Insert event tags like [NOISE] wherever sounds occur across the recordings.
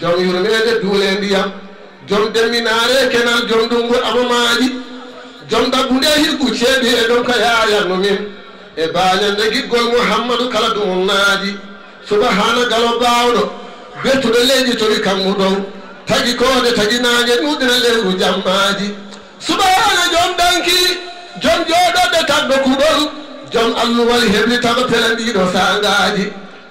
jom yurmede duule ndiyam jom derminaare kenal jom ndunngu amamaaji jom dabbude hirgu ceeɗi e ɗon ka yaayanno min e baañande giggol muhammadu kala dumunnaaji subahana galo baawɗo bettuɗo leydi tori kammu ɗow tagi koode tagi naange ɗuɗina lewru jammaaji subahana jom ɗanki jom jooɗoɗe tagɗo kuɗol jom alluwal heɓli tago pele ndiɗo saangaaji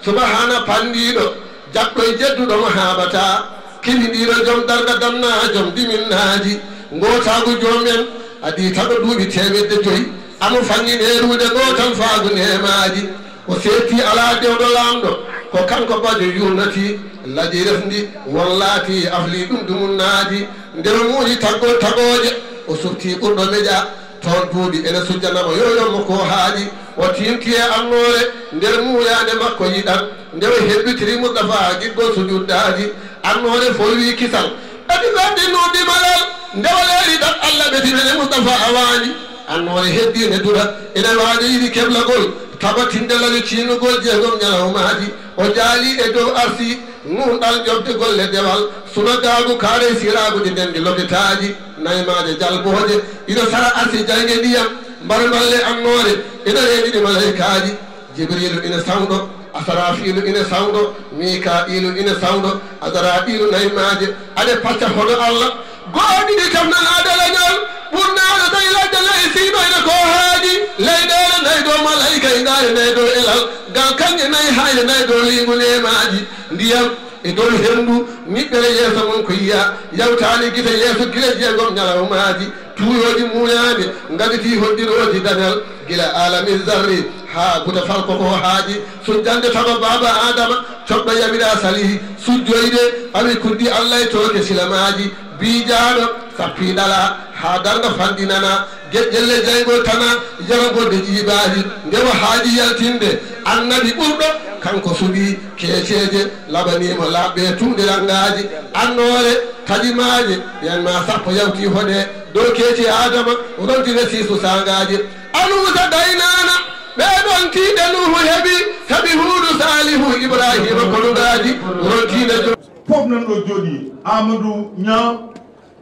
subahana panɗiiɗo jaɓɗo e jedduɗon haɓata kini ɗiro joom darda damna joom ɗiminnaaji gootaago joomen adi taɓa duuɓi temedde joyi amo fanginerude gootan faago nemaaji o seetti alaa dewɗo laamɗo ko kanko bajo yurnati laaɗi refndi won laati afli ɗum ɗumunnaaji nder muuji taggol tagooje o sufti ɓurɗo meƴa toon duuɓi ene sujjanamo yoyongo ko haaji o tintiye annoore nder muuyaande makko yiɗan nde o heɓɓitiri moudapha ha giɗgo sujuddaaji annoore fo wi kisal ɓatiɓaɗɗi nuuɗɗi malal nde waleeri ɗan allah ɓetimene moudapha a waani annoore heddine dura ene waaɗi yiɗi keblagol tabatindelani ciinugol jeegom ñalawmaaji o jaali e dow arsi ŋuurɗal ƴoftigol he ɗewal sunagaagu kaare siraagude nden ndi lobitaaji naymaaje jalbooje ina sara asi jange ndiyam mbarballe annoore ina reeniɗi malaykaaji jibrilu ina sawɗo asarafilu ina sawɗo mikailu ina sawɗo adaraɓilu naymaaje aɗe pacca hoɗo allah goɗiɗi tamnal adalañol ɓurnaɗo tawi ladde layi siɗoyno ko haaji leyɗele nayi dow malayika e ngaari nayi dow ilal gal kanƴe nayi haaji nayi dow ligu nemaji ndiyam e dow henndu niɓɓere yeeso mum ko yiya yawtani gite yeeso e gila jeegom ñalawmaji tuuyoji muñaami ngaditi hoɗɗiroji danel gila alami zarri ha guta falko ko haaji so jande tago baba adama coɓɗo yamira salihi sujjoyde awi kuddi allah e toke silamaji biijaɗo sappiɗala ha darga fandinana geƴƴelle jaygol tana yaragol de ƴiɓaali ndewa haaji yaltinde annabi ɓurɗo kanko suɓi keeceje laɓanimo laɓɓe tumɗirangaji annore tajimaji yanma sappo yawti hoɗe dow keeci adama rontire siisu sangaji anuusa daynana ɓeɗon tiiɗe nuhu heɓi heɓi huudu salihu ibrahima konugaji rontine jo foofu nan ɗo jooɗi amadou ña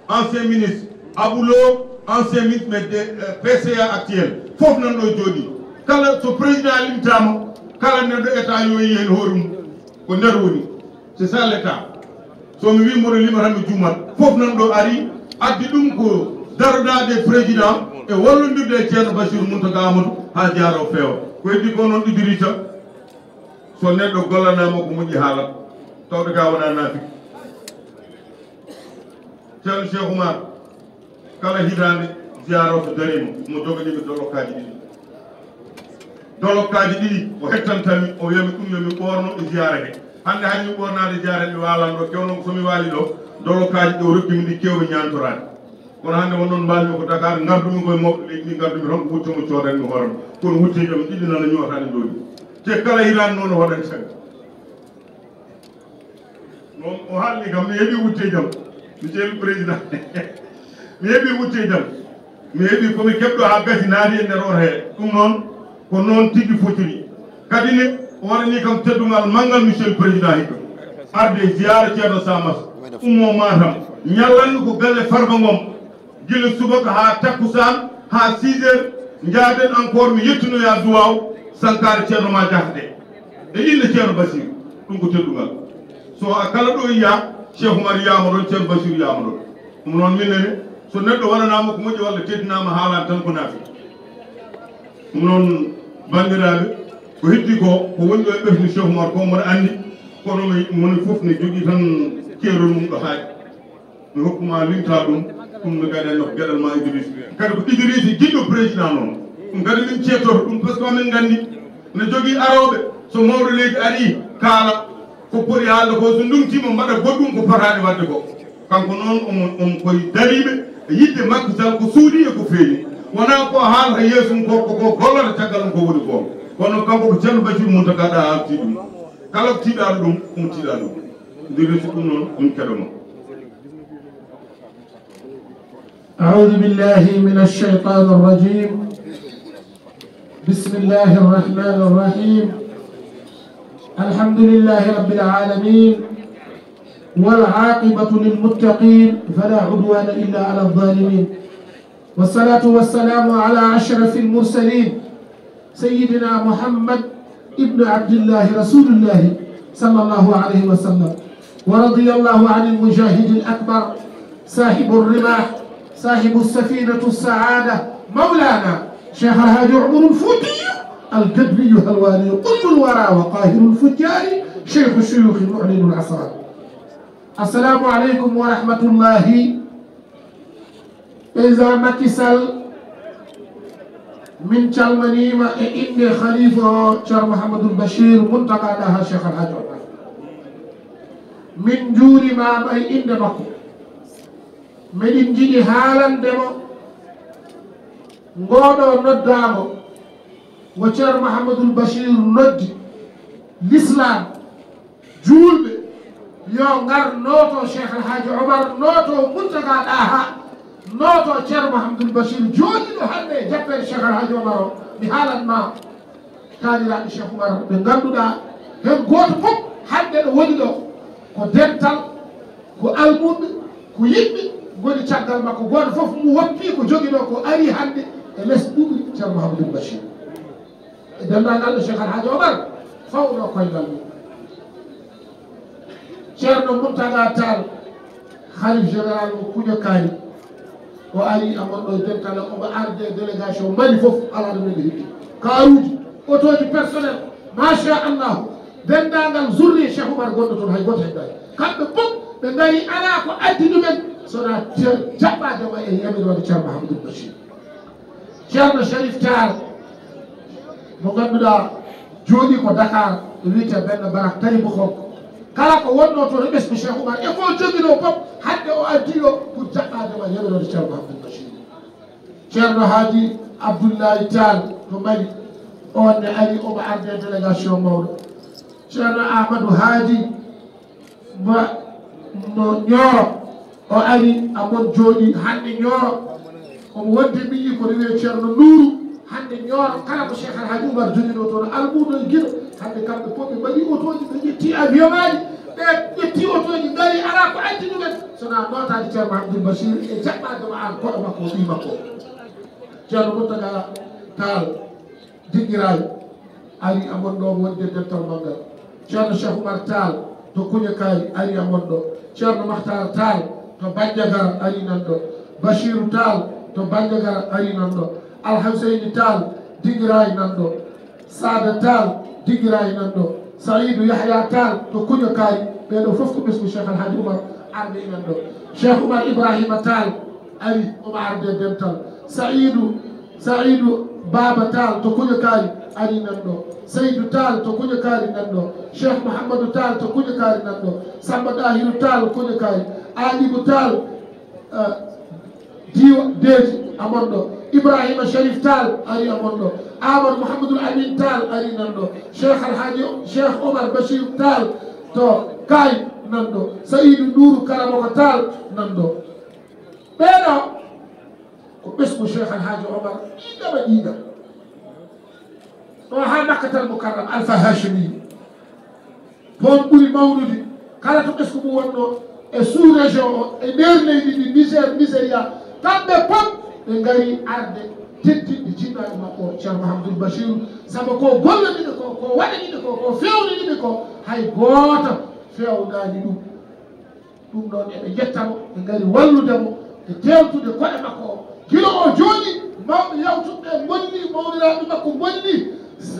ancien ministre aboulo ancien ministre mais de euh, pca actuel foofu nan ɗo jooɗi kala so président limtama kala neɗɗo état yo yi hen hoore mum ko nder woni c'est ça l' état somi wi mboɗo limatami juumat foof nan ɗo ari addi ɗum ko darodade président e wallodirde ceerno bachir mountaga amadou ha jaaro feewa ko heddi ko noon idirita so neɗɗo gollanama ko moƴƴi haalat tawde ga wona naafik ceerno cheikh oumar kala hitande jiyaro to darima mo doganimi dolokkaji ɗiɗi dolokkaji ɗiɗi o hettantami o wiyami ɗum yomi ɓorno e jiyara he hande hanmi ɓornade jiyaren ɗe walanɗo kewno somi wali ɗo dolokkaji ɗo rokkimi ɗi kewmi ñantorade kono hande won noon mbalmi ko dakar gardumi koye mawɓe leydi ndi gardumi tan ko wuccomo codanmi hoorema kono wuccejomi ɗiɗi nana ñootani ɗoji te kala hitande noon hoɗani sagi bon o haalni kam mi heeɓi wutte jam mi ceeli président [LAUGHS] mi heeɓi wutte jam mi heeɓi komi keɓɗo haa gasi naati e ndeer oto hee ɗum noon ko noon tigi fotiri kadi ne o waɗani kam teddungal manngal monsieur le président hikka arde jiyaara ceerno samas ummo matam ñallanni ko galle farba ngom gila subaka haa takkusan haa six heures jaaden encore mi yettinoya duwaw sankare ceerno ma jahde e inde ceerno basiru ɗum ko teddungal so a kala ɗo yiya cheikh umar yiyama ɗon ceikh basir yiyama ɗon ɗum noon minnene so neɗɗo waɗanama ko moƴƴi walla teddinama haalani tan ko naafi ɗum noon bandiraɓe ko heddi ko ko woni ɗo e ɓefni cheikh umar ko mboɗa andi kono e moni foof ne jogui tan keerol mum ɗo haaji mi hokkuma limta ɗum ɗum no gaɗanno ko gueɗal ma idrisi kadi ko idrisi jiɗɗo président noon ɗum kadi min ceettoto ɗum par ce que amin gandi ne jogui arawɓe so mawɗo leydi ari kaala ko ɓuri haalde ko so ndumtima mbaɗa goɗɗum ko fotaani waɗde ko kanko noon on koye dariiɓe yidde makko tan ko suudi e ko feeñi wonaa ko haalata yeeso mum gorko ko gollata caggal mum ko woni goonga kono kanko ko ceerno bacir mum tagaɗa haaltii ɗum kala ko tiiɗaaɗo ɗum omo tiiɗaa ɗum ndi resi ɗum noon ɗum keɗoma أعوذ بالله من الشيطان الرجيم بسم الله الرحمن الرحيم الحمد لله رب العالمين والعاقبة للمتقين فلا عدوان إلا على الظالمين والصلاة والسلام على أشرف المرسلين سيدنا محمد ابن عبد الله رسول الله صلى الله عليه وسلم ورضي الله عن المجاهد الأكبر صاحب الرماح صاحب السفينة السعادة مولانا شيخ الهادي عمر الفوتي القدبي هلواني قلت الورى وقاهر الفجار شيخ الشيوخ المعلن العصر السلام عليكم ورحمة الله إذا تسأل من ما إني خليفة شر محمد البشير منتقى لها شيخ الحاج من جور ما أي إن مكو من جيني حالا دمو ngoɗo ندامو mo ceerno mahamadoul bachir noddi l' islam juulɓe yo ngar nooto cheikh alhaji omar nooto muntaga ɗaha nooto ceerno mahamadoul bachir jooɗiɗo hande e jappere cheikh alhaji omar o mi haalanma taaniraɓe cheikh omar ɓe ngannduɗa hen gooto fof hande ɗo woni ɗo ko dental ko almuɓe ko yimɓe goni caggal makko gooto fof mo woppi ko jogui ɗo ko ari hande e les ɓuɓi ceerno mahamadoul bachir e denndaangal ɗo cheikh alhaaji omar fawno e koyngal ceerno moutaga tal halif général o kuño kaani o ari amon e ɗo e dentala omo arde délégation mali fof alaade men ɓe hiɗi kaaruji autoji personnel macha allahu denndaangal zourni cheikh omar gonɗo toon hay goto heddaani kamɓe fof ɓe ngari ala ko addi ɗumen sona jaɓɓaademo e yamin wade ceerno hamadou bachir ceerno sharif tar mo ngannduɗa jooɗi ko dakar wiyete benɗo barak tari bo kon kala ko wonno to to ɓesdu cheikh oumar e foo jogino pop hande o addiɗo pour jaɓɓadema yeɓerode ceerno abdoul bachir ceerno haadi abdoullahi tan to mari on ne ari omo arde délégation mawɗo ceerno amadou haadi ma no ñooro o ari amon jooɗi hande ñooro omo wonde miyi ko rewi ceerno nuuru hannde ñoora kala ko cheikh alhaji oumar joguino toon almuɗo e guila hannde kamɓe fof ɓe mbaɗi auto ji ɓe ƴetti avion ngaji ɓe ƴetti auto ji dari ala ko addi ɗumen sona notade ceerno abdoul bachir e jaɓɓadema an koɗo makko o ɓi makko ceerno mottaga taal dinguiraji ari amon ɗo wonde deftal maggal ceerno cheikh oumar taal to kuñe kaari ari amon ɗo ceerno mahtar taal to bajjagara ari nan ɗo bachiru taal to bajjagara ari nan ɗo alhuseini tal diguirayi nan ɗo sada tal diguirayi nan ɗo saidou yahya tal ɗo kuño kaari ɓeɗo foof ko ɓesgu cheikh alhaji oumar arde inan ɗo cheikh oumar ibrahima tal ari omo arde dental saidou saidou baba tal to kuño kaari ari nan ɗo saydou tal to kuño kaari nan ɗo cheikh mouhamadou tal to kuño kaari nan ɗo samba dahiru tal kuño kaari alibou tal euh, diw deji amon ɗo ibrahima sharif tal arina gonɗo amad mouhamadoul amin tal ari nanɗo cheikh alhaji cheikh omar bachir tal to kay nanɗo saydou nduru karamoko tal nanɗo ɓeeɗo ko ɓesgu cheikh alhaji omar ɗiɗama ɗiɗa ɗo ha makkatal moukarram alpha hashimi toon ɓuri mawnude kala to ɓesgu mum wonno e sous région o e nder leydi ndi misére misériat kamɓe pop ɓe ngari arde tetti ɗi jinnaɗi makko ceerno hamdoul bachir saabu ko golloɗiɗe ko ko waɗaɗiɗe ko ko fewniɗiɗe ko hay goota fewgani ɗum ɗum ɗon eɓe yettamo ɓe ngari walludemo e tewtude koɗe makko o gilo o jooɗi mawɓe yawtuɓe bonni mawniraɓe makko bonni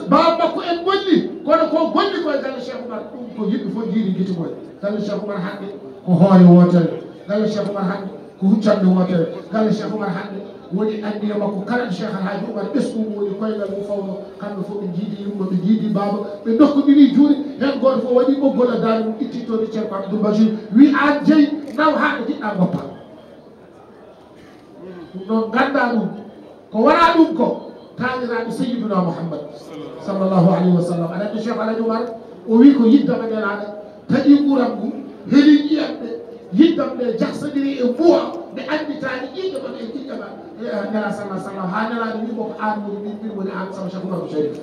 baba makko en bonni kono ko bonni koye galle cheikh oumar ɗum ko yimɓe fof jiiri guiti koye galle cheikh oumar hande ko hoore wootere galle cheikh oumar hande ko huccanɗe wootere galle cheikh oumar hande woni anndiye makko kala e cheikh alhaji umar ɓesgumo woni koyngal mum fawno kamɓe fof ɓe jiidi yumma ɓe jiidi baaba ɓe dokku ɗiɗi juuri heen gooto fof waɗi ɓoggol a daani mum itti toon e ceerko abdoul basir wi an jeyi naw haa ɓe jiɗɗa goppa ɗum noon ngannda ɗum ko wara ɗum ko kaaniraaɓe seyiduna mouhammad sallllahu aleyhi wa sallam aɗa anndi cheikh alhaji umar o wi ko yiddama ɗenaaɗe taƴi ɓuran ngu heli ƴiyanɓe yiddam ɗe jahsodiri e buwa nde annditaani ƴiiƴo ma e jiɗɗo ma nela sallah sallam haa nelaaɗo wi koko aan woni min min woni aan sama cheikh oumar ko sharif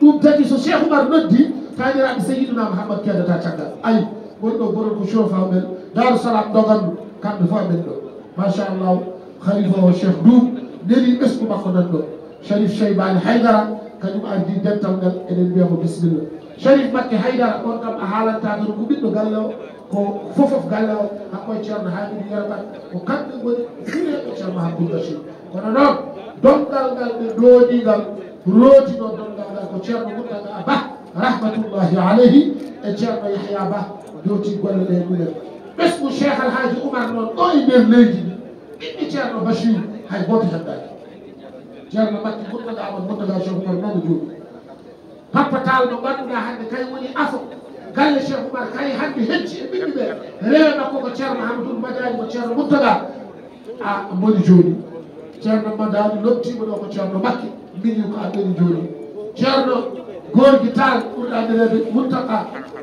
ɗum tagi so cheikh oumar noddi taaniraaɓe seyiduna mahammad keedata caggal ayi gonɗo gorol ko chauffeur men daru salam dogandu kamɓe fof ɓen ɗo machallahu khalifa o cheikh doum neli ɓesgu makko nan ɗo sharif cheybani haydara kañum addi dental ngal eɗen mbiya ko bisimilla sharif makke haydara on kam a haalantaka ɗum ko ɓiɗɗo galle o ko fofof gallowo hakkoye ceerno haamidi yerba ko kamɓe goni fireɓe ceerno hakkude bashir kono noon dongal ngal ɓe ɗooɗingal looti noon dongal ngal ko ceerno gurtaga a ba rahmatullahi aleyhi e ceerno yahya ba jowti golle ɗe ɗumen e ɓesmu cheikh al haaji oumar noon ɗo e nder leydi ni ɓiɓɓi ceerno bashir hay goto heddaki ceerno makki gurtaga aman gurtaga cheikh oumar noon e jooɗi pappatal no ngannduɗa hannde kañ woni afo galle cheikh oumar kay hannde hecci e ɓiɗɗi ɓe rewe makko ko ceerno hamadoul madani ko ceerno mouttaga a moni jooni ceerno madani lomtima ɗo ko ceerno makke mbini ko a ɓeni jooni ceerno gorgui tal ɓurɗadirede mouttaka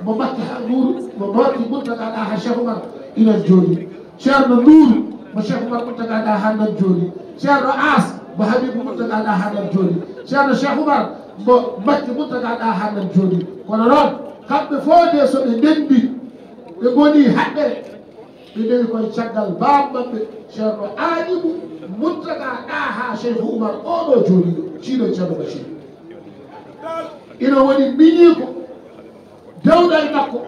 mo makke ha nuuru mo nooti mouttaga ɗa ha cheikh oumar inan jooni ceerno nuuru mo cheikh oumar mouttaga ɗa hannan jooni ceerno as mo habibou mouttaga ɗa hannan jooni ceerno cheikh oumar mo makke mouttaga ɗa hannan jooni kono noon kamɓe foode so ɓe ndenndi ɓe ngonii haɓɓere ɓe ndewi koye caggal baaɓ maɓɓe ceerno aaɗimu muttaga ɗaa haa cheikhu oumar oɗo jooni ɗo ciino ceerno bacir ina woni miñiiko dewɗal makko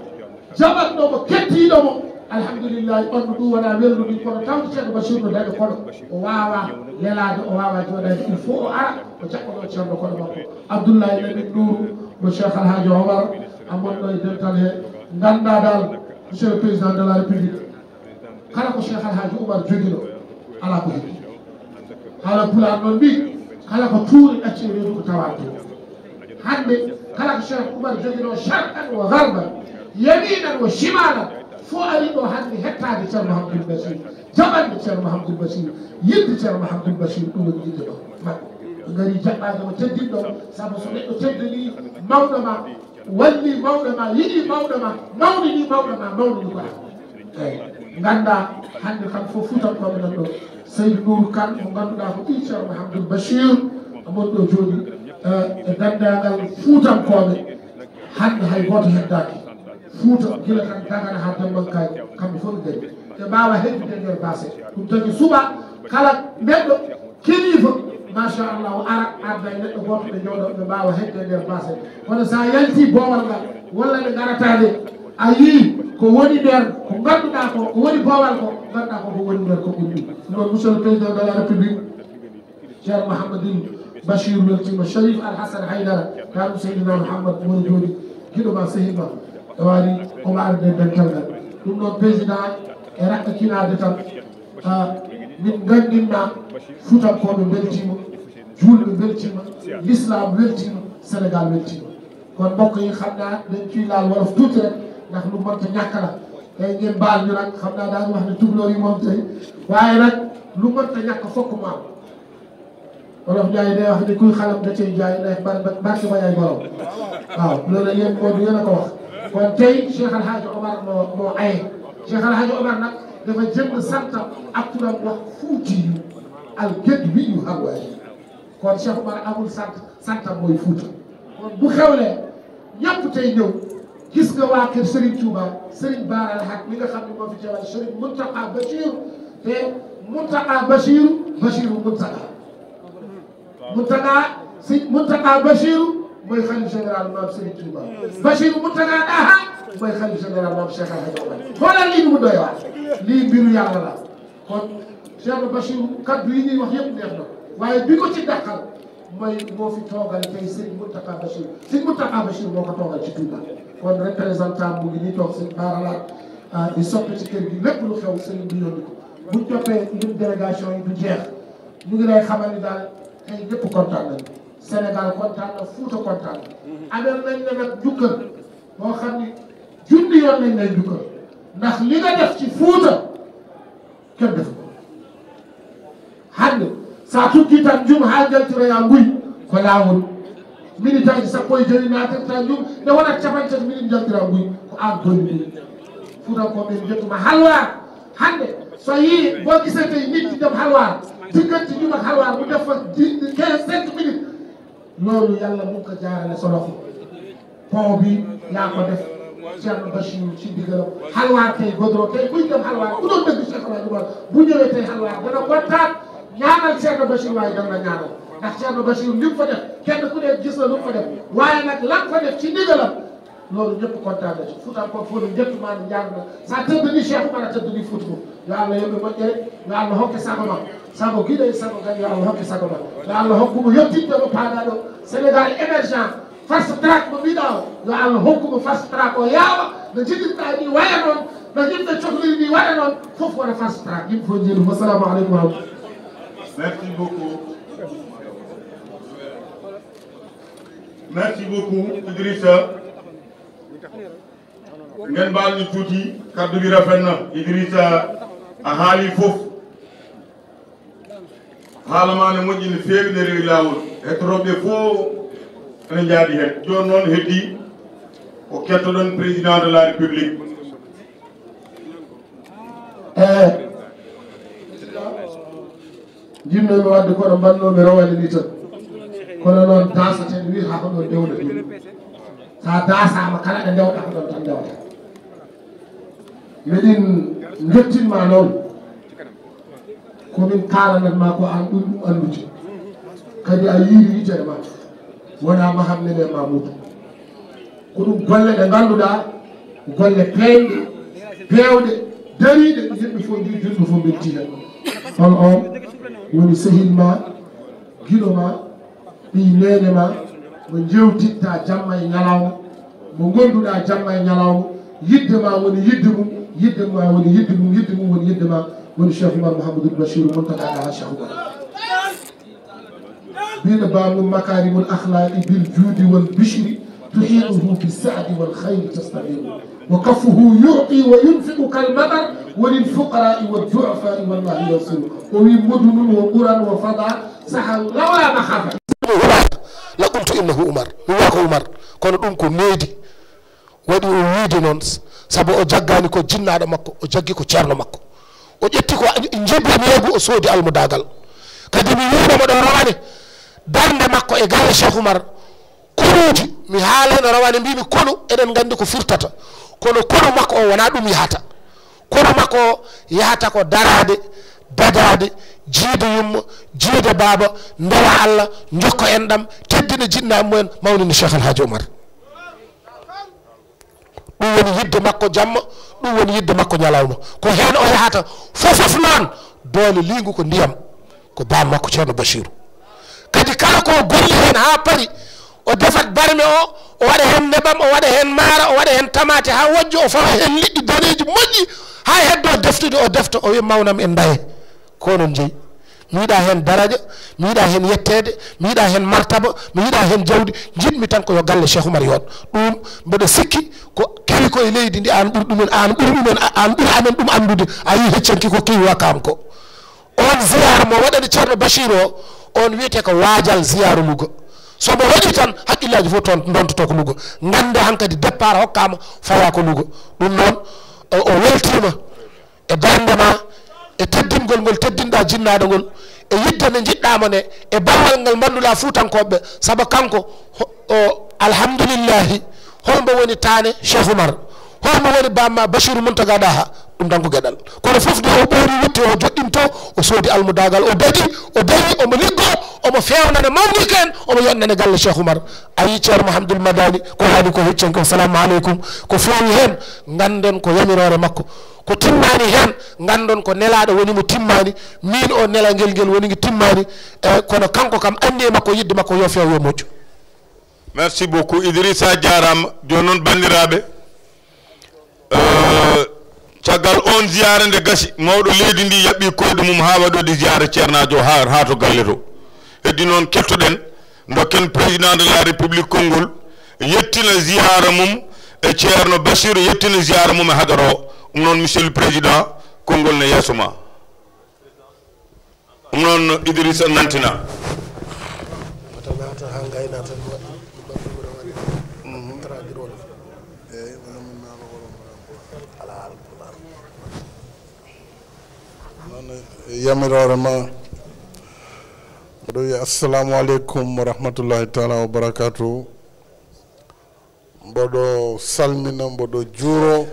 jaɓatnomo kettiiɗomo alhamdulillahi ɓanndu ɗum wona weldu ɗin kono tawde ceerno bacir no daɗe koɗo o waawa lelaade o waawa jooɗaade il faut o ara o jaɓɓoɗo ceerno koɗo makko abdoullahi nabin nouru mo cheikh alhaji omar amoon nay dentale nganndaa daal monsieur le président de la république kala ko cheikh alhaji oumar jogiɗo ala ko heɓi haala pulan noon mbi kala ko tuuri ɗacci e reedu ko tawa to hannde kala ko cheikh oumar jogiɗo charɗan o garban yaminan o simanan fo ari ɗo hannde hettade ceerno hamdoul basir jaɓande ceerno hamdoul basir yidde ceerno hamdoul basir ɗum woni yidde ɗo maɓɓe ngari jaɓɓade mo teddinɗo saabu so neɗɗo teddani mawɗo ma walli mawɗo ma yiɗi mawɗo ma mawɗi ɗi mawɗo ma mawɗi ɗi kora eyi ganda hande kam fo futan kome nan ɗo seydi nour kan mo ganduɗa ko icer mahamdoul bachir amon ɗo joni e dandagal futankoɓe hande hay goto heddaki fuuta gila tan dagana ha dembankay kamɓe fof dari ɓe mbawa heddide nder basé ɗum tagui suuɓa kala neɗɗo kelifa machallah o ara adda e neɗɗo goto ɓe ñowɗo ɓe mbawa hedde e nder passé kono sa yalti bowal ngal walla ɓe garatade a yi ko woni nder ko ganduɗa ko ko woni bowal ko ganduɗa ko ko woni nder ko ɓuɗɗi ɗon monsieur le président de la république cher mouhammadin bachir weltima sharif alhassane haydara kaɗum seydina mouhammad woni joni guiɗoma sehima e wari omo arde e dental ngal ɗum ɗon président e rakka kinade tan min ganndinɗa futankoɓe beltima julɓe beltima l'islam weltima sénégal weltima kono mbokk yi xam naa dañ ciy laal wolof tuuti rek ndax lu mënta ñàkk la tey ngeen baal ñu nag xam naa daan wax ne tubloo yi moom tey waaye nag lu mënta ñàkk fokk maam wolof Ndiaye day wax ni kuy xalam da cay jaay ndax barke ba yaay borom waaw loolu yéen moo du yéen a ko wax kon tey Cheikh Al Hadj Omar moo moo aye Cheikh Al Hadj Omar nag dafa jënd santam ak turam wax fuuti yu al gét wi yu hawaay yi kon Cheikh Oumar amul sant mooy fuuta kon bu xewlee ñëpp tey ñëw gis nga waa kër Serigne Touba Serigne Bara al Haq mi nga ne moo fi teewal Serigne Mountakha Bachir te Mountakha Bachir Bachir Mountakha Mountakha si Mountakha Bachir mooy maam Serigne Touba Bachir Mountakha Daha. mooy xalifa général lii mu doy waar lii mbiru yàlla la kon Cheikh Bachir kaddu yi ñuy wax yëpp neex na waaye bi ko ci dàqal mooy moo fi toogal tey sëñ Mountakha Bachir sëñ moo ko toogal ci Touba kon représentant mu ngi toog sëñ Baara la di ah, ci kër gi lépp lu xew sëñ bi yónni ko buñ toppee ñun délégation yi jeex ñu ngi lay daal tey ñëpp kontaan nañu Sénégal kontaan na Fouta kontaan na. Mm-hmm. amee nañ ne xam ni junni yoon nañ lay njukkal ndax li nga def ci fuuta kenn def ko hannde sa tukki tan jum ha jaltiroya nguy ko laawol minitaji sappo e joyi natirta jum nde wonat capan tati minin jaltira nguy ko an doni ɗum fuutankoɓe jettuma halwar hannde so yii bo gisete nitti dem halwar diggante juma halwar mu defa 15 5 minutes loolu yàlla mu ko jaarale sa loxo poo bi yaa ko def Thierno Bachir ci ndigalam xalwaar tey Badro tey kuy dem xalwaar ku doon dëgg Cheikh Ibrahima bu ñëwee tey xalwaar dana kontaan ñaanal Thierno Bachir waaye dana ñaanal ndax Thierno Bachir li mu fa def kenn ku ne gis na lu mu fa def waaye nag lan fa def ci ndigalam loolu ñëpp kontaan na ci fuutam ko fóolu ñëpp maanaam njàng na sa tëdd ni Cheikh Oumar a tëdd ni fuutu ko yo Allah yobɓe moƴƴere yo Allah hokke sago ma sago guiɗo e sago gan yo Allah hokke sago ma yo Allah hokkumo yettinde ɗo paaɗa ɗo Sénégal émergent fast track mo mbiɗa o yo allah hokkumo fast track o yaawa no jiɗirɗa ni waya noon no yimɓe cohliri ni waɗa noon fof wona fast track yimɓe fof jiiɗum assalamu aleykum wa merci beaucoup merci beaucoup idrissa ngeen baal ñu tuuti kaddu bi rafet na idrissa a haali fof haalama ne moƴƴi no feewi nde rewi laawol hetorooɓe fof ene jaadi heen jooni noon heddi ko kettoɗon président de la république e eh. jimmemi wadde koɗo mbannomi rowani ni tan kono noon dasaten wi ha koɗon dewde ɗum sa dasama kala ɗo dewɗa koɗon tan dewata miɗin gettinma noon komin kalanatma ko an ɗum ɗum anduti kadi a yiiri yitere ma wona mahammed e mamoudou ko ɗum golle ɗe ngannduɗa golle peewɗe peewɗe dariɗe yimɓe fof ndi julɓe fof mbintiha on on woni sehil ma giɗo ma ɓi nene ma mo jewtitta jamma e ñalawma mo gonduɗa jamma e ñalawma yidde ma woni yidde mum yidde ma woni yidde mum yidde mum woni yidde ma woni chef ma mahamadou bachirou montagaɗa ha chekhoubara بين باب مكارم الأخلاق بالجود والبشر تحيله بالسعد والخير تستعيره وكفه يعطي وينفق كالمطر وللفقراء والضعفاء والله ينصر ومن مدن وقرى وفضع سحى لولا مخافة la qultu innahu umar mi wiya ko umar kono ɗum ko needi waɗi o wiide noon saabu o jaggani ko jinnaɗo makko o jaggi ko ceerno makko o ƴetti ko jebbi meegu o soodi almudagal kadi mi ɗo rawane darde makko e gare cheikh oumar kuruji mi haalano rawani mbimi kono eɗen gandi ko furtata kono kono makko o wona ɗum yahata kono makko o yahata ko darade dadade jiida yumma jiida baaba ndewa allah jokka en ɗam teddina jinnaa mumen mawnini cheikh alhaji oumar ɗum woni yidde makko jamma ɗum woni yidde makko ñalawma ko heen o yahata fofof noon doole liingu ko ndiyam ko baa makko ceerno bachirou kadi kala ko gori hen ha paari o defat barme o o waɗa hen neɓam o waɗa hen maara o waɗa hen tamate ha wojjo o fawa hen liɗɗi daneji moƴƴi ha heddo deftude o defta o wi mawnam en daye ko non jeeyi mi yiɗa hen daraja mi yiɗa hen yettede mi yiɗa hen martaba mi yiɗa hen jawdi jinmi tan ko yo galle cheikh oumar yon ɗum mbeɗo sikki ko kewi koye leydi ndi an ɓuuri ɗumen an ɓuuri ɗumen an ɓuuri amen ɗum anndude a yi heccanki ko kewi wa kam ko on zéar mo waɗade ceerno bachir o on wiyete ko waajal ziyaru lugo somo hoƴi tan haqqillaji fof toon ndontoto ko lugo gande hankkadi départ hokkama fawa ko lugo ɗum noon o weltima e darndema e teddingol ngol teddinɗa jinnaɗo ngol e yidde nde jiɗɗama nde e ballal ngal manduɗa fuutankoɓeɓe saabu kanko o alhamdulillahi holmo woni tane chef umar holmo woni bamma basiru muntaga ɗa ha ɗum danko gueɗal kono foof de o ɓori wutti o joɗɗinto o soodi almudagal o dadi o dari omo liggo omo fewnane mawnika en omo yonnane galle cheikh oumar ayi ceerno mahamadoul madani ko haali ko heccen ko assalamu aleykum ko fewi hen ganden ko yamirore makko ko timmani hen gandon ko nelaɗo wonimo timmani min o nela guel guel woni gu timmani eyi kono kanko kam andi e makko yidde makko yo fewyo e moƴƴo merci beaucoup idrissa jarama joni noon bandiraɓe caggal on ziyare nde gasi mawɗo leydi ndi yaɓɓi koyɗe mum ha waɗode jiyare ceernajo ha ha to galle to heddi noon kettoɗen dokken président de la république konngol yettina jiyara mum e ceerno basiru yettina jiyara mum e hadaro o ɗum noon monsieur le président konngol ne yeeso ma ɗum noon idrissa nantina ha gayna tan yamirore ma mbaɗo wiya assalamu aleykum wa rahmatullahi taala wa baracatu mboɗo salmina mboɗo juuro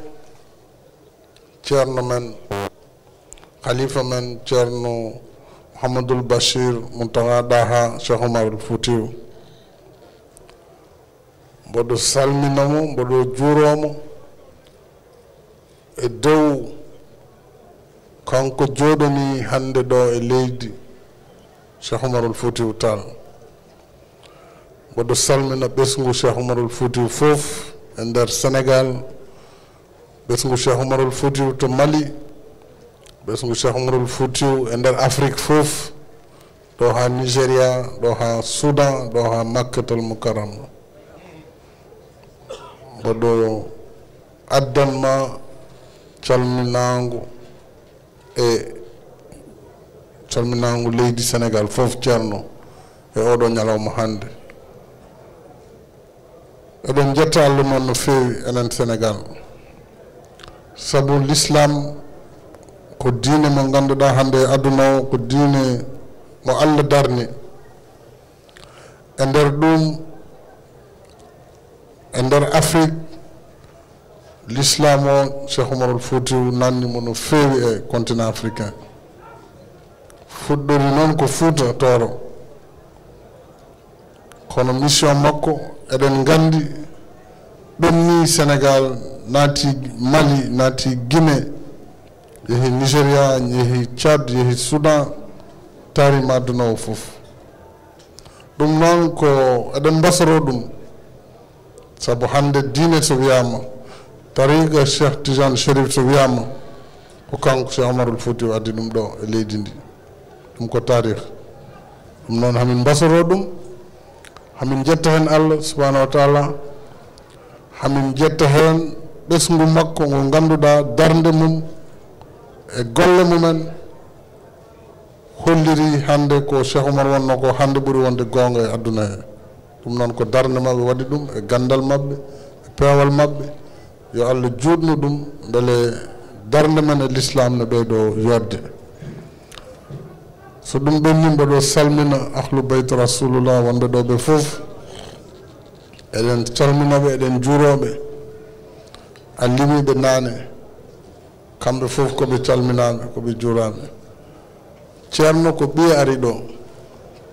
ceerno men khalifa men ceerno mouhamadoul bachir moutaha daha cheikh omar foutiw mboɗo salminamo mboɗo juuromo e dow kanko jooɗani hande do e leydi cheikh omar oumarul fotiw tall mboɗo salmina ɓesngu cheikh omar al futi fof e nder sénégal ɓesngu cheikh omar al futi to mali ɓesngu cheikh omar al futi e nder afrique fof do ha nigéria do ha sudan do ha makkah al makkatal mukaram mboɗo addanma calminago e calminaango leydi sénégal fof ceerno e oo ɗoo ñalawma hannde eɗen jettaallu noon no feewi enen sénégal sabu l' islam ko diine mo ngannduɗaa hannde e adduna o ko diine mo allah darni e ndeer ɗum e ndeer afrique l'islam o cheikh oumar fouti fotiw mo no feewi e eh, continent africain fuɗɗori noon ko fouta tooro kono mission makko eɗen nganndi ɗum sénégal naati mali naati guine yehi nigéria yehi tchad yehi soudan taarima aduna o fof ɗum noon ko eɗen mbasoro ɗum sabu hannde diine so wiyaama tariga cheikh tijane sherif so wiyama ko kanko se omarul foti o addi ɗum ɗo e leydi ndi ɗum ko tarih ɗum noon hamin basoro ɗum hamin jetta hen allah subahanahu wa taala hamin jetta hen ɓesgu makko ngo ganduɗa darde mum e golle mumen holliri hande ko cheikh omar wonno ko hande ɓuuri wonde gonga e adduna he ɗum noon ko darde mabɓe waɗi ɗum e gandal mabɓe e pewal mabɓe yo allah juutnu ɗum mbele darde men e l' islam no ɓeyɗo yodde so ɗum ɓennimɓe ɗo salmina ahlu beyte rasulullah wonɓe ɗo ɓe fof eɗen calminoɓe eɗen juuroɓe allimiɓe naane kamɓe fof koɓe calminaɓe koɓe juuraɓe ceerno ko ɓiye ari ɗo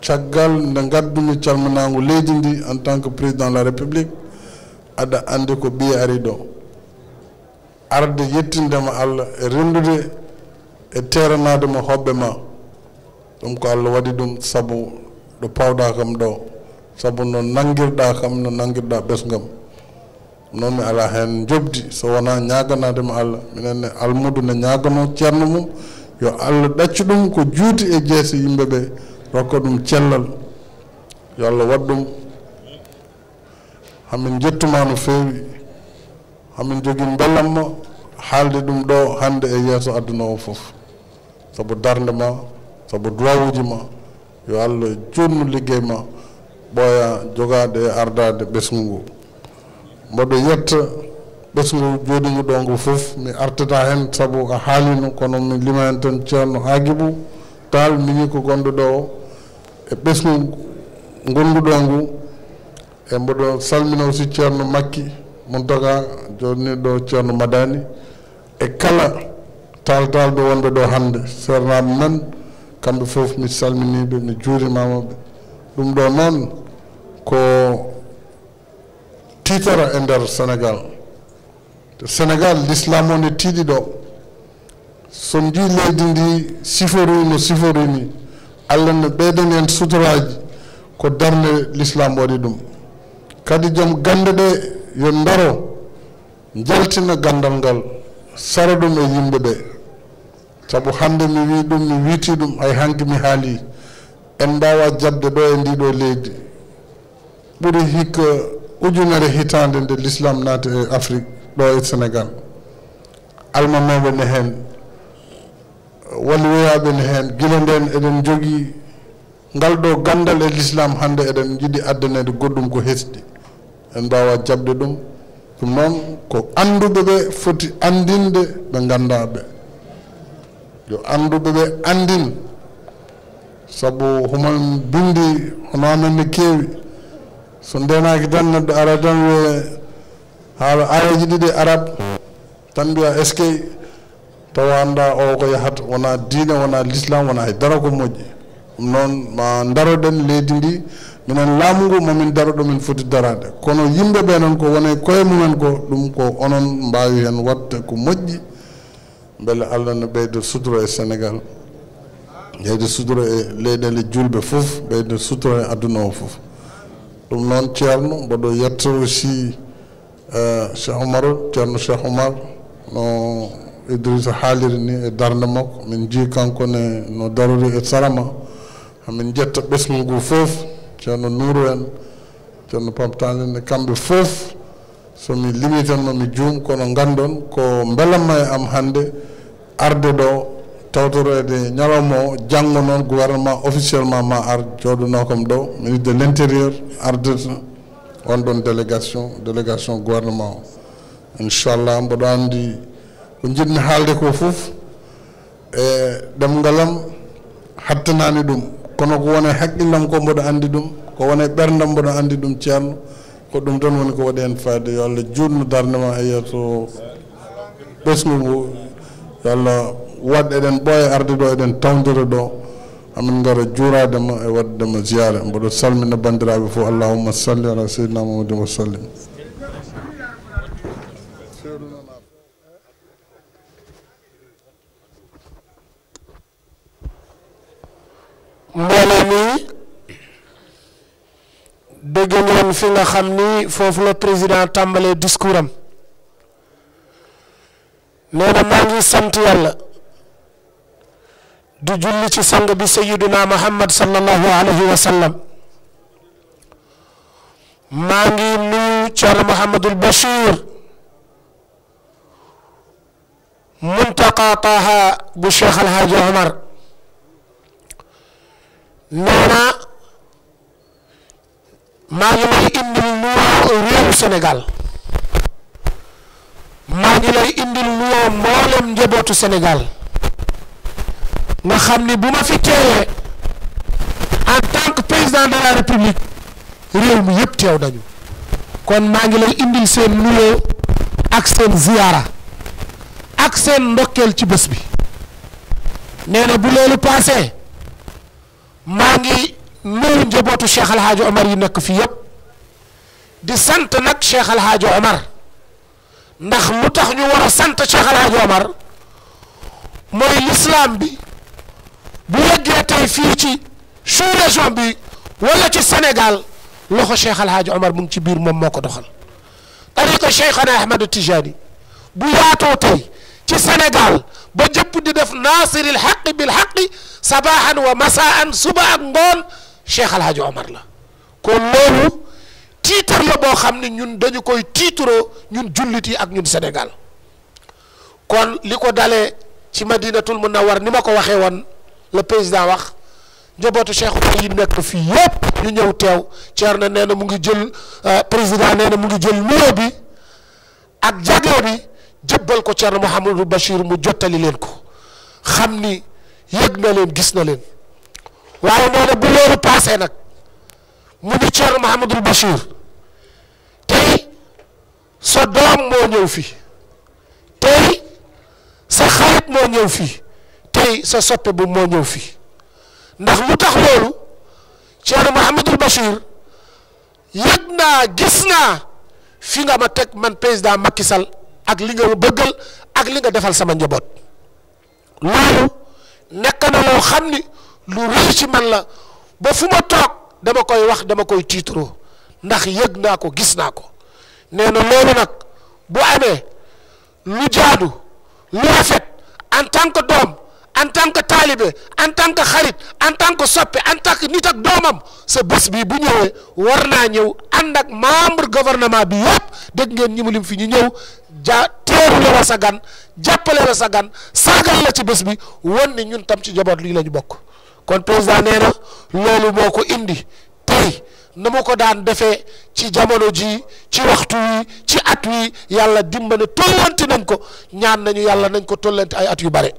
caggal nde gaddumi calminagu leydi ndi en tant que président de la république aɗa andi ko ɓiye ari ɗo arde yettindema allah e renndude e teeranaadema hoɓɓe ma ɗum ko allah waɗi ɗum sabu ɗo pawɗa kam ɗo sabu no nangirɗa kam no nangirɗa ɓesgam noon mi ala heen jobdi so wonaa ñaaganaadema allah minenne almudu ne ñaagano ceerno mum yo allah ɗaccu ɗum ko juuti e jeese yimɓe ɓe rokka ɗum cellal yo allah waɗ ɗum hamin jettuma no feewi hamin jogii mbellatma haalde ɗum ɗo hannde e yeeso adduna o fof sabu darnde ma sabu duwawuji ma yo allah juutnu liggey ma ɓooya jogaade e ardaade ɓesgu ngu mboɗo yetta ɓesgu jooɗingu ɗo ngu fof mi artata heen sabu a haalino kono mi lima heen tan ceerno haagibou taal mini ko gonɗo ɗo o e ɓesgu ngonnguɗo ngu e mboɗo salmina aussi ceerno makki mo doga joni ɗo ceerno madani e kala taltal ɗo wonɓe ɗo hannde sernaɓe men kamɓe fof mi salminiɓe mi juurimamaɓe ɗum ɗo noon ko titara e nder sénégal to sénégal l' islam one tiiɗi ɗo son ji leydi ndi siforuy no siforuy ni allah ne ɓeyɗen hen suturaji ko darnde l' islam waɗi ɗum kadi joom gannde ɗe yo ndaro jaltina gandal ngal sara ɗum e yimɓe ɓe sabu hannde mi wi ɗum mi wiiti ɗum hay hanki mi haali en mbawa jabde ɗo e ndiɗo leydi ɓuri hikka ujunere hitande nde l'islam naati e afrique ɗo e sénégal almameɓe ne heen walliweyaɓe ne heen gila nden eɗen jogii ngal ɗo gandal e l'islam hannde eɗen jiɗi addanede goɗɗum ko hesɗi en mbawa jaɓde ɗum ɗum noon ko anduɓe ɓe foti andinde ɓe gandaɓe yo anduɓe ɓe andin sabu homon bindi hono amen ne keewi so ndenaki tan neɗɗo ara tan wi haala areji ɗiɗi arab tan mbiya est ce que tawa anda o ko yahata wona diine wona l'islam wona e dara ko moƴƴi ɗum noon ma daroɗen leydi ndi minen laamu ngu momin daro ɗo min foti darade kono yimɓe ɓe noon ko wone koye mumen ko ɗum ko onon mbawi hen watte ko moƴƴi beele allah ne ɓeyde sutura e sénégal ɓeyde sutura e leyɗele julɓe foof ɓeyde sutura e aduna o foof ɗum noon ceerno mboɗo yetta aussi e cheikh oumaro ceerno cheikh oumar no idrissa haaliri ni e darde makko min jii kanko ne no daruri e sarama Amin jetta ɓesgu ngu fof ceerno nuuro en ceerno pamtane en e kamɓe fof somi limi tan jum juum kono ngandon ko beelamma e am hande arde ɗo tawtorede ñalawma o janngo noon gouvernement officiellement ma ar jooɗono kam ɗo ministre de l' intérieur ardata on ɗon délégation délégation gouvernement o inchallah mboɗo anndi ko jiɗmi haalde ko fof e ɗemngalam hattanani ɗum kono ko wona haqqillam ko mbodo Andi Dum, ko wona berndam mbodo andi dum ceerno ko dum don woni ko waɗi faade yo allah jurnu darnde ma heya to mo yo allah waɗ eɗen ɓooya arde do do tawdira ɗo amin ngara juuradema e waddema ziyara mbodo salmina banndiraaɓe fof allahumma salli ala sayyidina Muhammad wa sallim nga xam ni foofu la président tàmbalee discours am nee na maa ngi sant yàlla di julli ci sang bi sayiduna muhammad sallallahu alayhi wa sallam maa ngi nuyu Thierno Mouhamadul Bachir muntaqa Taha bu Cheikh Alhaji Omar nee na maa ngi lay indil nuyoo réewu Sénégal maa ngi lay indil nuyoo mboolem njabootu Sénégal nga xam ni bu ma fi teewee en tant que président de la république réew mi yëpp teew nañu kon maa ngi lay indi seen nuyoo ak seen ziyaara ak seen ndokkeel ci bés bi nee na bu loolu paasee maa ngi. nuyu njabootu Cheikh El Hadj Omar yi nekk fii yëpp di sant nag Cheikh El Hadj Omar ndax mu tax ñu war a sant Cheikh El Hadj Omar mooy lislaam bi bu yeggee tey fii ci sous-région bi wala ci Sénégal loxo Cheikh El Hadj Omar mu ngi ci biir moom moo ko doxal. tariqa Cheikhana Ahmad Tijani bu yaatoo tey ci Sénégal ba jëpp di def naasiril xaqi bil xaqi sabaaxan wa masaan suba ak ngoon. Cheikh El Hadj Omar la kon loolu tiitar la boo xam ne ñun dañu koy tiitaroo ñun jullit yi ak ñun senegal kon li ko dalee ci madinatul war ni ma ko waxee woon la président wax njabootu Cheikh nekk fii yëpp ñu ñëw teew Thierno nee na mu ngi jël euh, président nee na mu ngi jël nuyoo bi ak jagleel bi jëbbal ko Thierno Mouhamadou Bachir mu jottali leen ko xam ni yëg na leen gis na leen. waaye nee na bu loolu paasee nag mu ni Thierno Mahamadul Bachir tey sa doom moo ñëw fii tey sa xarit moo ñëw fii tey sa soppe bu moo ñëw fii ndax lu tax loolu Thierno Mahamadul Bachir yëg naa gis naa fi nga ma teg man président Macky Sall ak li nga bëggal ak li nga defal sama njaboot loolu nekk na loo xam ni. lu rëy ci man la ba fu ma toog dama koy wax dama koy tiitroo ndax yëg naa ko gis naa ko nee na loolu nag bu amee lu jaadu lu rafet en tant que doom en tant que taalibe en tant que xarit en tant que soppe en tant que nit ak doomam sa bés bii bu ñëwee war naa ñëw ànd ak membre gouvernement bi yëpp dégg ngeen ñi mu lim fi ñu ñëw teeru la sa gan jàppale la sa gan saagal la ci bés bi woon ni ñun tam ci jaboot lii la ñu bokk kon président nee loolu moo ko indi tey na ma ko daan defee ci jamono ji ci waxtu wi ci at wi yàlla dimbale tollanti nañ ko ñaan nañu yàlla nañ ko tollanti ay at yu bare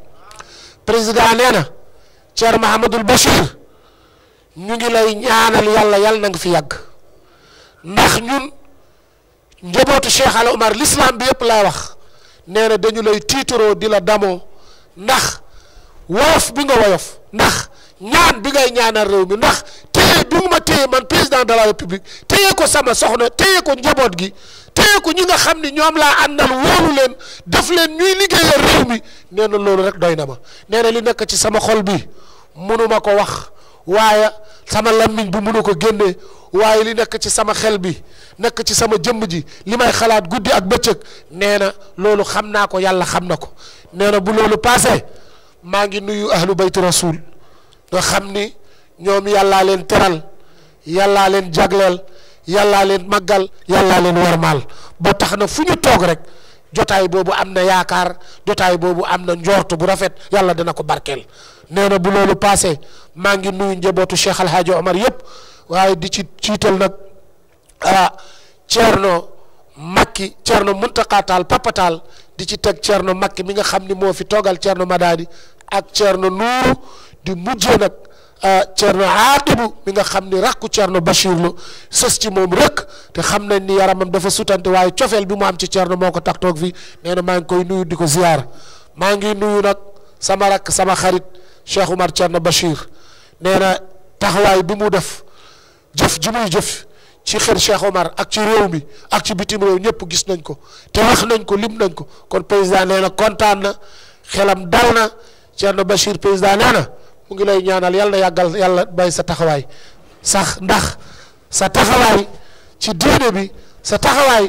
président nee na Thierno Mahamadul Bachir ñu ngi lay ñaanal yàlla yàlla na nga fi yàgg ndax ñun njabootu Cheikh Al Omar l'islam bi yëpp lay wax nee na dañu lay tiitaroo di la damoo ndax woyof bi nga woyof ndax ñaan bi ngay ñaanal réew mi ndax téye bi ma téye man président de la république téye ko sama soxna téye ko njaboot gi téye ko ñi nga xam ni ñoom laa àndal wóolu leen def leen ñuy liggéeyal réew mi nee na loolu rek doy na ma nee na li nekk ci sama xol bi mënuma ko wax waaye sama lammiñ bu mënu ko génnee waaye li nekk ci sama xel bi nekk ci sama jëmm ji li may xalaat guddi ak bëccëg nee na loolu xam naa ko yàlla xam na ko nee na bu loolu passé maa ngi nuyu ahlu baytu rasul nga xam ni ñoom yàllaa leen teral yàllaa leen jagleel yàllaa leen maggal yàllaa leen warmaal ba tax na fu ñu toog rek jotaay boobu am na yaakaar jotaay boobu am na njort bu rafet yàlla dana ko barkeel nee bu loolu passé maa ngi nuyu njabootu Cheikh El Hadj yëpp waaye di ci ciital nag ah Thierno Makki Thierno Mountakha Tall Papa Tall di ci teg Thierno Makki mi nga xam ni moo fi toogal Thierno Madani ak Thierno Nourou di mujjé nak nag cerno Aadou mi nga xamni rakku cerno bashir la sës ci mom rek te xam ni yaramam dafa soutante waaye ciofel bi mu am ci cerno moko ko tax fi neena ma ngi koy nuyu diko ziar ma ngi nuyu nak sama rak sama xarit Cheikh omar cerno bashir neena taxway bi mu def jëf ji muy jëf ci xër Cheikh Omar ak ci rew mi ak ci bitim rew ñëpp gis nañ ko te wax nañ ko lim nañ ko kon président neena contane na xelam dal na Thierno Bachir président neena mu ngi lay ñaanal yàlla na yàggal yàlla bay sa taxawaay sax ndax sa taxawaay ci diine bi sa taxawaay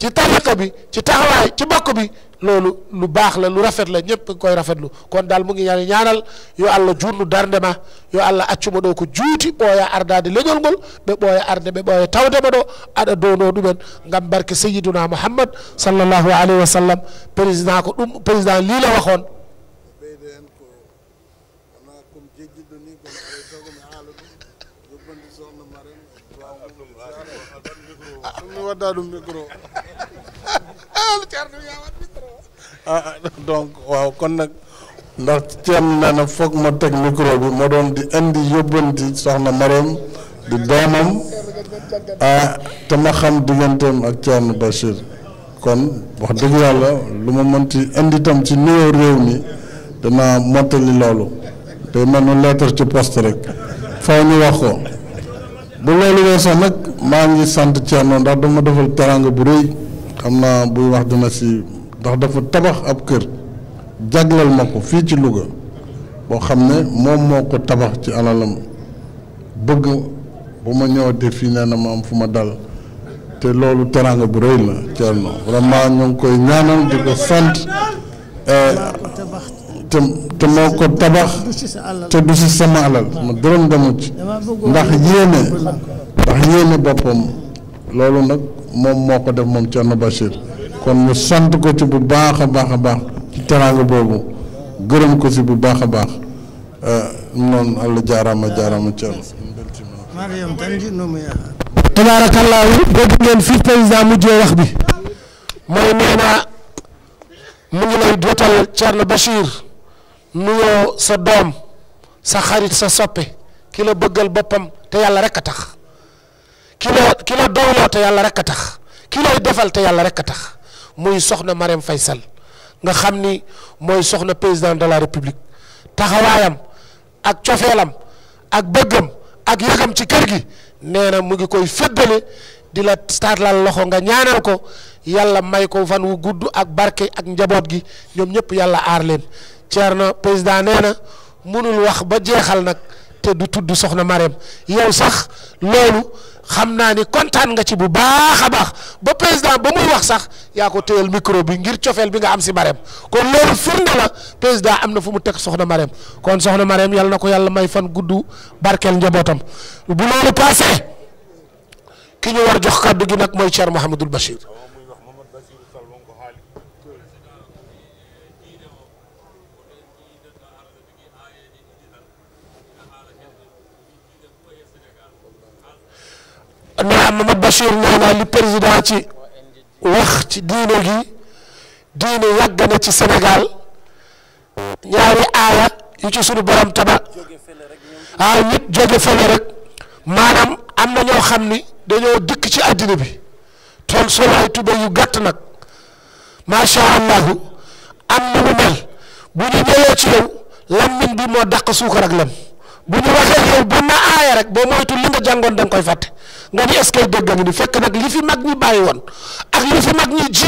ci tariqa bi ci taxawaay ci bokk bi loolu lu baax la lu rafet la ñëpp nga koy rafetlu kon daal mu ngi ñaan ñaanal yo allah juutnu darde ma yo allah accuma ɗo ko juuti ɓooya ardaade leñol ngol ɓe ɓooya arde ɓe ɓooya tawdema ɗo aɗa downo ɗumen ngam barke seyiduna mouhammad sallllahu alayhi wa sallam président ko wakon waddaɗum micro ah, ah, donc waaw kon nag ndax ceerno nana foog ma teg micro bi ma doon di indi yóbbanti soxna Mareem di doomam ah te ma xam digganteem ak ceerno Bachir kon wax dëgg yàlla lu ma mënti indi itam ci nuyoo réew mi dama mottali loolu te mel nu ci poste rek faw ñu wax ko bu loolu weesoo nag maa ngi sant Thierno ndax dama defal teranga bu rëy xam naa buy wax dina si ndax dafa tabax ab kër jaglal ma ko fii ci Louga boo xam ne moom moo ko tabax ci alalam bëgg bu ma ñëwatee fii nee na ma am fu ma dal te loolu teranga bu rëy la Thierno vraiment ñu ngi koy ñaanal di ko sant. Eh, te te moo ko tabax te du si sama alal ma dërëm demu ci ndax yéene ndax yéene boppam loolu nag moom moo ko def moom Thierno Bachir kon ñu sant ko ci bu baax a baax a baax ci teraanga boobu gërëm ko si bu baax a baax eh, noonu allah jaaraama jaaraama Thierno tabaarakallaahu dégg ngeen fii président mujjee wax bi mooy nee naa mu ngi lay jotal Thierno Bachir nuyoo sa doom sa xarit sa soppe ki la bëggal boppam te yàlla rek a tax ki yàlla rek a tax lay defal te yàlla rek a tax muy soxna Marème Faye Sall nga xam ni mooy soxna président de la république taxawaayam ak cofeelam ak bëggam ak yëgam ci kër gi nee mu ngi koy féddale di la tàllal loxo nga ñaanal ko yàlla may ko fan wu gudd ak barke ak njaboot gi ñoom ñëpp yàlla aar leen na président nee na mënul wax ba jeexal nag te du tudd soxna Marème yow sax loolu xam naa ni kontaan nga ci bu baax a baax ba président ba muy wax sax yaa ko téyal micro bi ngir cofeel bi nga am si Marème kon loolu firnde la président am na fu mu teg soxna Marème kon soxna Marème yàlla na ko yàlla may fan gudd barkeel njabootam bu loolu passé ki ñu war jox kàddu gi nag mooy Thierno Mouhamadul Bachir. Mamadou Bachir nee naa li président ci wax ci diine gi diine yàgg na ci Sénégal ñaari aaya yu ci suñu borom taba ah nit jóge fële rek maanaam am na ñoo xam ni dañoo dëkk ci àddina bi tool sol ay tuba yu gàtt nag macha allahu am na lu mel bu ci yow lammiñ bi moo dàq suukar ak lem bu ñu waxee yow benn aaya rek boo moytu li nga jàngoon da koy fàtte nga ni est-ce que dégg nga ni fekk nag li fi mag ñi bàyyi woon ak li fi mag ñi ji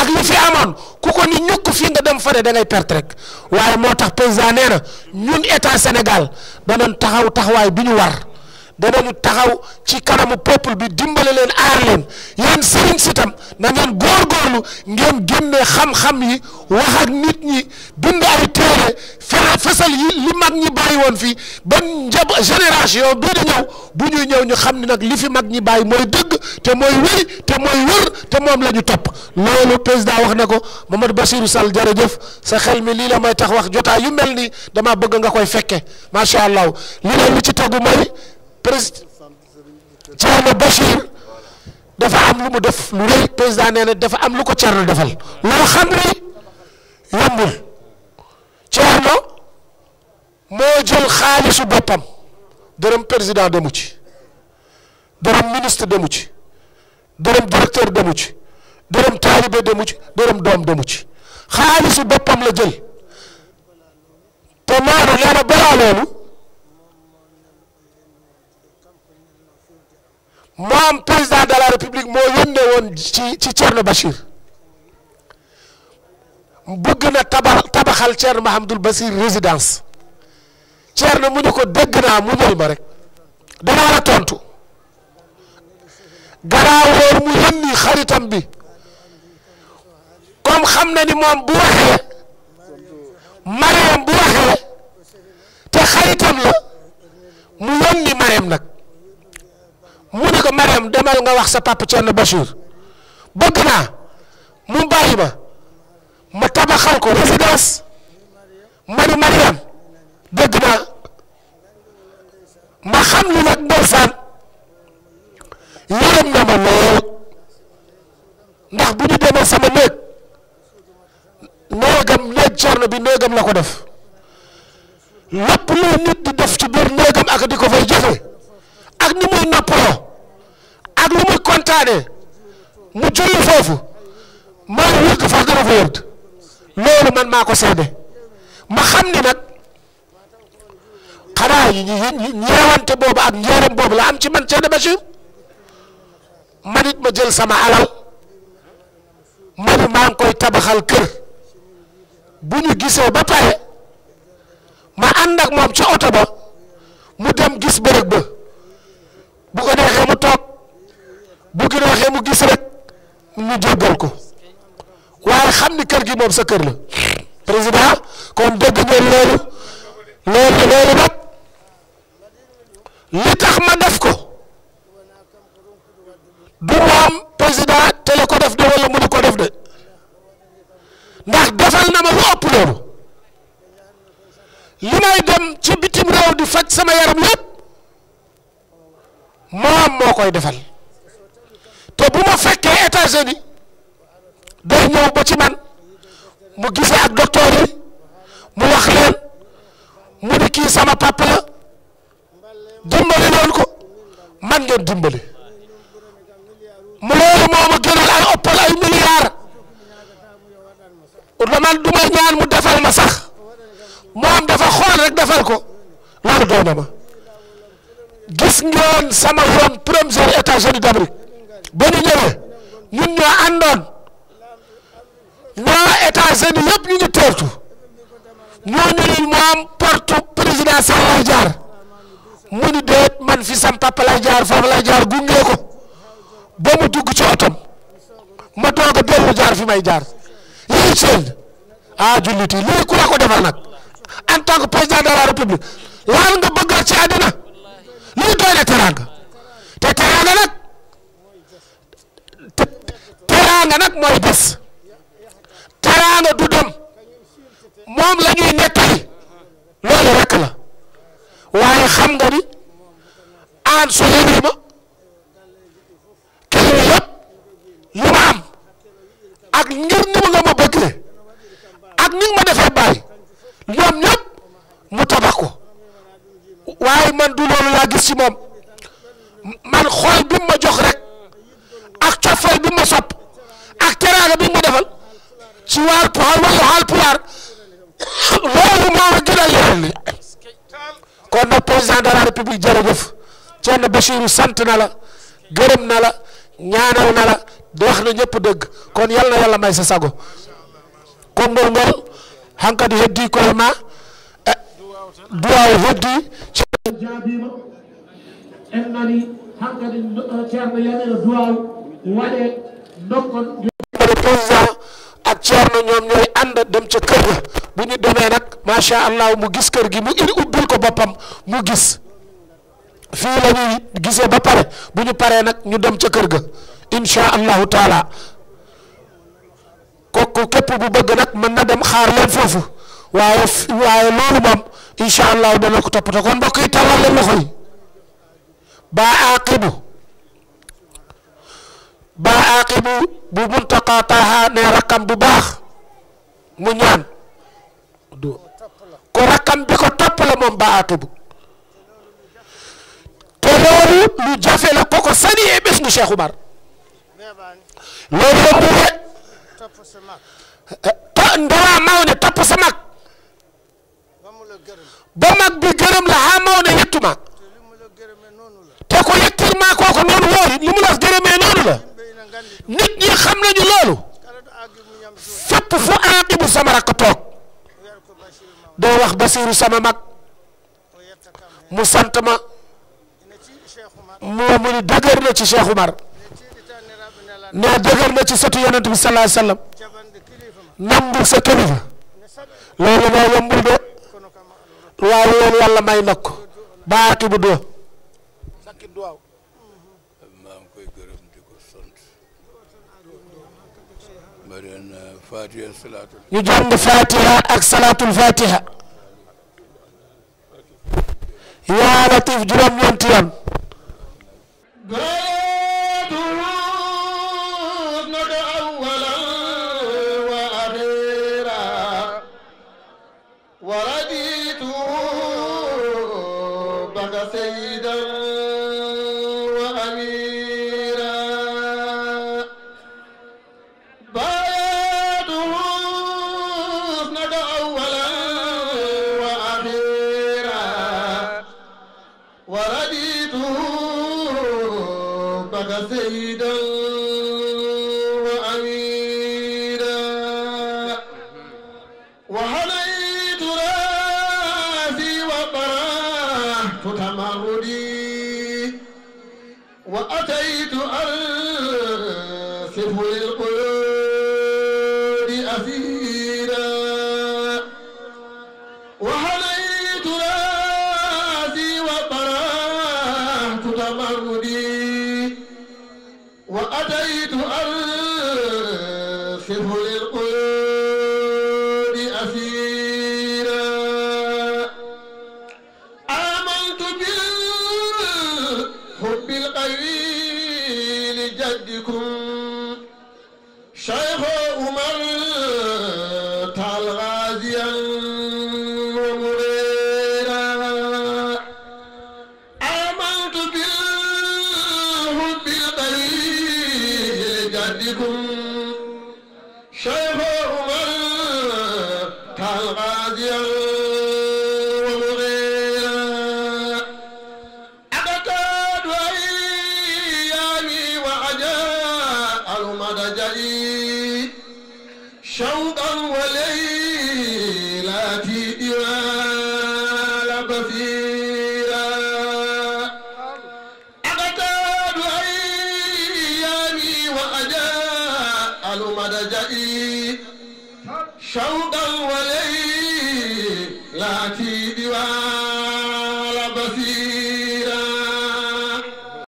ak li fi amoon ku ko ni ñukk fii nga dem fare da ngay perte rek waaye moo tax président nee na ñun état Sénégal danoon taxaw taxawaay bi ñu war danañu taxaw ci kanamu peuple bi dimbale leen aar leen yéen sëriñ si na ngeen góorgóorlu ngeen génnee xam-xam yi wax nit ñi bind ay téere fesal yi li mag ñi bàyyi woon fii ba njab génération bii di ñëw bu ñuy ñëw ñu xam ni nag li fi mag ñi bàyyi mooy dëgg te mooy wéy te mooy wër te moom la ñu topp loolu président wax na ko moom Mamadou Bassirou Sall jërëjëf sa xel mi lii la may tax wax jotaay yu mel nii damaa bëgg nga koy fekke macha allah li leen li ci tegu mooy. président Thierno Bachir dafa am lu mu def lu rëy président nee na dafa am lu ko Thierno defal loo xam ni yombul Thierno moo jël xaalisu boppam dërëm président demu ci dërëm ministre demu ci dërëm directeur demu ci dërëm taalibe demu ci dërëm doom demu ci xaalisu boppam la jël te loolu nee na balaa loolu mom président de la république mo yonne won ci ci Thierno bashir bëgg na tabax tabaxal Thierno mahamdoul bashir résidence Thierno mu ñu ko dégg na mu ñëw ma rek dama war a tontu woor mu yónni xaritam bi comme xam na ni mom bu waxe Mariam bu waxe te xaritam la mu yónni Mariam nak mu ne ko Mariam demal nga wax sa papa Thierno Bachir bëgg naa mu bàyyi ma ma tabaxal ko résidence ma ni Mariam bëgg ma xam ni nag ndeysaan yërëm na ma lool ndax bu ñu demee sama néeg néegam néeg Thierno bi néegam la ko def lépp lu nit di ci biir néegam ak di ko fay jëfe ak ni muy noppaloo ak lu muy kontaanee mu julli foofu maa ngi wëgg fas fa yënt loolu man maa ko seede ma xam ni nag xanaa ñeewante boobu ak njëriñ boobu la am ci man Thierno Bachir man it ma jël sama alal ma ne maa koy tabaxal kër bu ñu gisee ba pare ma ànd moom ca oto ba mu dem gis bërëg ba. بوكو نيخي مو توك بوكو نيخي مو غيس رك ني جوغال كو واي خامني كير جي موم سا كير لا بريزيدان كون دغ نيل لولو لولو لولو نات لي تخ ما داف كو دو مام بريزيدان تيلا كو داف دو ولا مو كو داف دي ناخ دافال نما لو اوب لولو لي ماي ديم سي بيتيم راو دي فاج سما يارام ييب moom moo defal te bu ma fekkee day ñëw ba ci man mu gisee ak docteur yi mu wax leen mu ni kii sama papa la dimbali leen ko man ngeen dimbali mu loolu moo gënal ay ëppal ay milliards man du ñaan mu defal ma sax moom dafa xool rek defal ko loolu doy gis ngeen sama yoon première États-Unis d'Amérique ba ñu ñëwee ñun ñoo àndoon ñoo États-Unis yëpp ñu ngi teertu ñoo ñu ne moom porte président sax jaar mu ni déet man fi sam jaar foofu jaar gunge ba mu dugg ci ma doog a dellu jaar fi may jaar yéen seen ah jullit yi ku la ko nag en tant président de république laal nga bëggaat ci muy doy la teraanga te teraanga nag mooy des teraanga du dem moom la ñuy nettali loolu rek la waaye xam nga ni aan su yëngu ma kii yëpp si moom man xool bi ma jox rek ak cofeel bi ma sopp ak teraanga bi ma defal ci waar Pulaar wala moo la gën a yéral kon nag président de la république jërëjëf Thierno Bachirou sant na la gërëm na la ñaanal na la di wax na ñëpp dëgg kon yal na yàlla may sa sago konngol ngol hankkadi heddi koye ma eh, duwaw heddi ceerno jaabima en nani hankkadi ceerno yanino duwaw waɗe dokkon joɗe dem ca demee nag macha mu gis kër gi mu iri ko boppam mu gis fii la ñu paree nag ñu dem ca kër ga incha allahu mën na dem xaar leen foofu waaye waaye loolu moom ko toppatoo kon leen loxo yi baaqibu baaqibu bu muntaka taha ne rakam bu baax mu ñaan ko rakam bi ko top la mom baaqibu te loolu lu jafé la ko ko e bes ni Cheikh Oumar ndara top sa mak ba mak bi geureum la ha yettuma te ko yettir maa kooku noonu woori li mu las gërëmee noonu la nit ñi xam nañu loolu fépp fu aaqibu sama rakk toog doo wax Basiiru sama mag mu sant ma moo mu ni dëgër na ci Cheikh Umar ne dëgër na ci sëtu yonent bi sallallahu alayhi wa sallam nambul sa kilifa loolu moo yombul de waaye loolu yàlla may na ko baaki bu ak i duwaaw maa ngi koy gërëm di ko sant mbaɗen fatiha salatul ñu jàng fatiha ak salatul fatiha yaa latif juróom ñeenti yoon